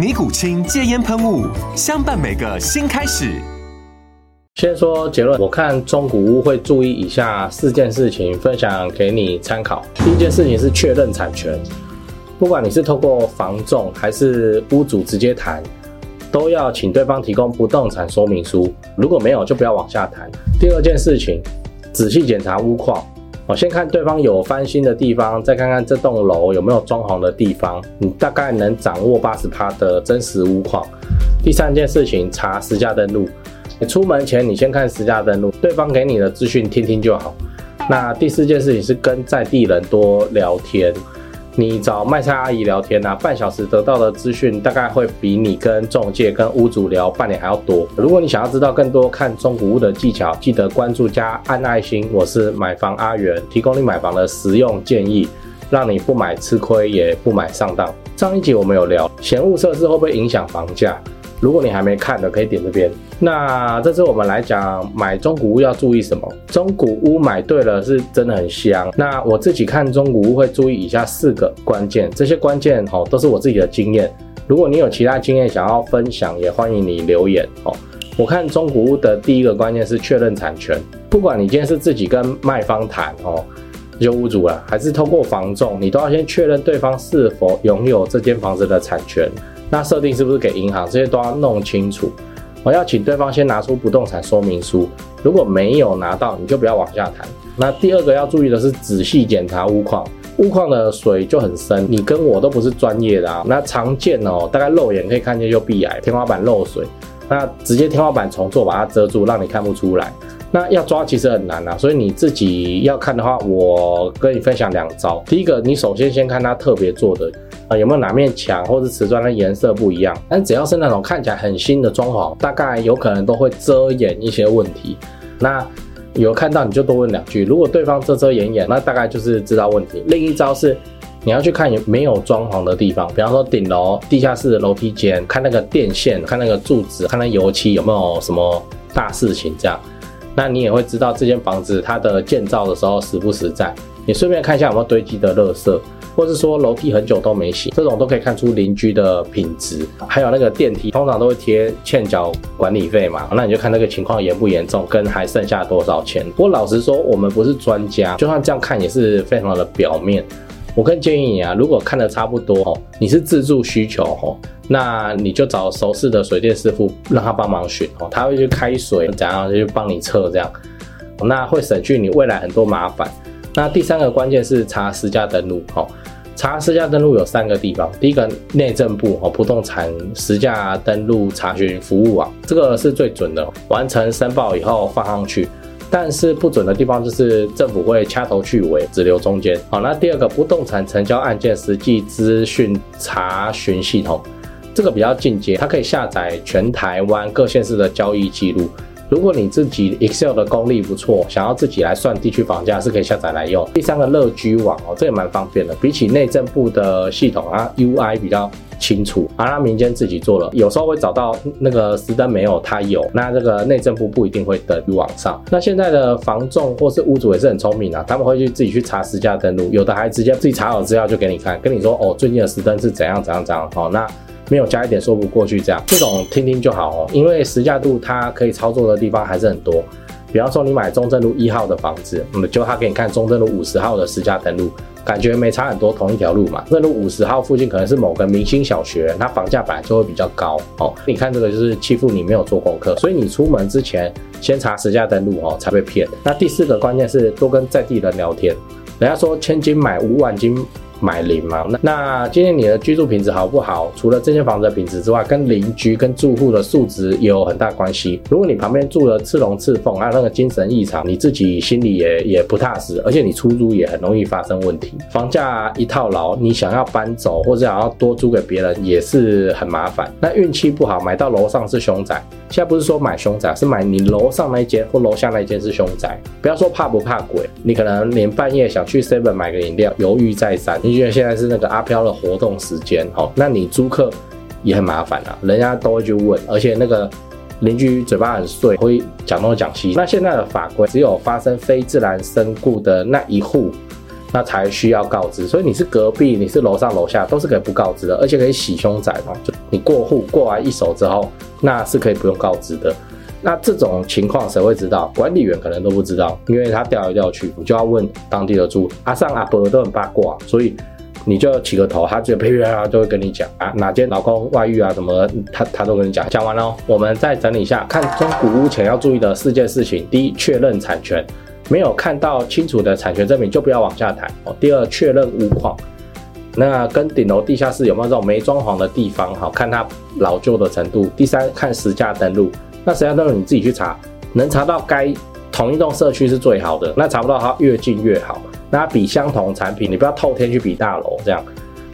尼古清戒菸噴霧，相伴每個新開始。先說結論，我看中古屋會注意以下四件事情，分享給你參考。第一件事情是確認產權，不管你是透過房仲還是屋主直接談，都要請對方提供不動產說明書，如果沒有就不要往下談。第二件事情，仔細檢查屋況。我先看對方有翻新的地方，再看看這棟樓有沒有裝潢的地方，你大概能掌握八十趴的真實屋況。第三件事情，查實價登錄。你出門前，你先看實價登錄，對方給你的資訊聽聽就好。那第四件事情是跟在地人多聊天。你找賣菜阿姨聊天啊，半小時得到的資訊，大概會比你跟仲介、跟屋主聊半年還要多。如果你想要知道更多看中古屋的技巧，記得關注加按愛心。我是買房阿元，提供你買房的實用建議，讓你不買吃虧也不買上當。上一集我們有聊，嫌惡設施會不會影響房價？如果你還沒看的，可以點這邊。那這次我們來講買中古屋要注意什麼？中古屋買對了是真的很香。那我自己看中古屋會注意以下四個關鍵，這些關鍵哦都是我自己的經驗。如果你有其他經驗想要分享，也歡迎你留言哦。我看中古屋的第一個關鍵是確認產權，不管你今天是自己跟賣方談哦，就屋主啊，還是通過房仲，你都要先確認對方是否擁有這間房子的產權。那設定是不是給銀行？這些都要弄清楚。我、哦、要請對方先拿出不動產說明書，如果沒有拿到，你就不要往下談。那第二個要注意的是，仔細檢查屋況，屋況的水就很深，你跟我都不是專業的啊。那常見哦，大概肉眼可以看見就壁癌、天花板漏水，那直接天花板重做，把它遮住，讓你看不出來。那要抓其實很難啊，所以你自己要看的話，我跟你分享兩招。第一個，你首先先看他特別做的啊、呃，有沒有哪面牆或者瓷磚的顏色不一樣？但只要是那種看起來很新的裝潢，大概有可能都會遮掩一些問題。那有看到你就多問兩句，如果對方遮遮掩掩，那大概就是知道問題。另一招是你要去看有沒有裝潢的地方，比方說頂樓、地下室的樓梯間，看那個電線，看那個柱子，看那個油漆有沒有什麼大事情這樣。那你也會知道這間房子它的建造的時候實不實在，你順便看一下有沒有堆積的垃圾，或者是說樓梯很久都沒洗，這種都可以看出鄰居的品質。還有那個電梯，通常都會貼欠繳管理費嘛，那你就看那個情況嚴不嚴重，跟還剩下多少錢。不過老實說，我們不是專家，就算這樣看也是非常的表面。我更建議你啊，如果看的差不多哦，你是自住需求吼，哦，那你就找熟識的水電師傅，讓他幫忙選哦，他會去開水怎樣就去幫你測這樣，哦，那會省去你未來很多麻煩。那第三個關鍵是查實價登錄吼，哦，查實價登錄有三個地方，第一個內政部吼，哦，不動產實價登錄查詢服務網，這個是最準的，完成申報以後放上去。但是不準的地方就是政府會掐頭去尾，只留中間。好，那第二個不動產成交案件實際資訊查詢系統，這個比較進階，它可以下載全台灣各縣市的交易記錄。如果你自己 Excel 的功力不錯，想要自己來算地區房價是可以下載來用。第三個樂居網哦，這也蠻方便的，比起內政部的系統啊，UI 比較清楚，啊，他民間自己做了，有時候會找到那個實登沒有，他有，那這個內政部不一定會等於網上。那現在的房仲或是屋主也是很聰明啊，他們會去自己去查實價登錄，有的還直接自己查好資料就給你看，跟你說哦，最近的實登是怎樣怎樣怎樣。哦，那。沒有加一點說不過去，這樣這種聽聽就好哦。因為實價度它可以操作的地方還是很多，比方說你買中正路一號的房子，嗯，就他給你看中正路五十號的實價登錄，感覺沒差很多，同一條路嘛。中正路五十號附近可能是某個明星小學，它房價本來就會比較高哦。你看這個就是欺負你沒有做功課，所以你出門之前先查實價登錄哦，才被騙。那第四個關鍵是多跟在地人聊天，人家說千金買五萬金。買零嘛？那那今天你的居住品質好不好？除了這間房子的品質之外，跟鄰居跟住戶的素質也有很大關係。如果你旁邊住了刺龍刺鳳，還、啊、有那個精神異常，你自己心裡也也不踏實，而且你出租也很容易發生問題。房價一套牢，你想要搬走或者想要多租給別人也是很麻煩。那運氣不好，買到樓上是凶宅。現在不是說買凶宅，是買你樓上那一間或樓下那一間是凶宅。不要說怕不怕鬼，你可能連半夜想去 Seven 買個飲料，猶豫再三。因為現在是那個阿飄的活動時間，哦，那你租客也很麻煩啊，人家都會去問，而且那個鄰居嘴巴很碎，會講東講西。那現在的法規，只有發生非自然身故的那一戶，那才需要告知。所以你是隔壁，你是樓上樓下，都是可以不告知的，而且可以洗凶宅嘛，就你過戶過完一手之後，那是可以不用告知的。那這種情況誰會知道？管理員可能都不知道，因為他調來調去，你就要問當地的住阿、啊、上阿伯都很八卦、啊，所以你就起個頭，他直接噼噼啪啪就會跟你講啊，哪間老公外遇啊什麼，他他都跟你講。講完了、哦，我們再整理一下，看中古屋前要注意的四件事情：第一，確認產權，沒有看到清楚的產權證明就不要往下談哦；第二，確認屋況，那跟頂樓、地下室有沒有這種沒裝潢的地方，好、哦、看它老舊的程度；第三，看實價登錄。那實際上都是你自己去查，能查到該同一棟社區是最好的。那查不到，它越近越好。那它比相同產品，你不要透天去比大樓這樣。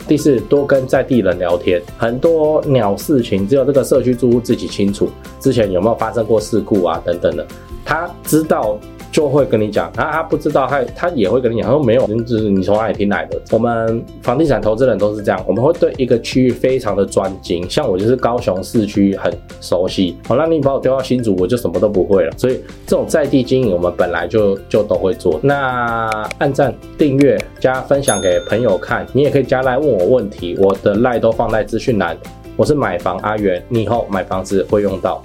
第四，多跟在地人聊天，很多鳥事情只有這個社區住戶自己清楚，之前有沒有發生過事故啊等等的，他知道。就會跟你講，他他不知道，他他也會跟你講，他說沒有，就是你從哪裡聽來的？我們房地產投資人都是這樣，我們會對一個區域非常的專精，像我就是高雄市區很熟悉。好、哦，那你把我丟到新竹，我就什麼都不會了。所以這種在地經營，我們本來就就都會做。那按讚、訂閱、加分享給朋友看，你也可以加 LINE 問我問題，我的 LINE 都放在資訊欄。我是買房阿元，你以後買房子會用到。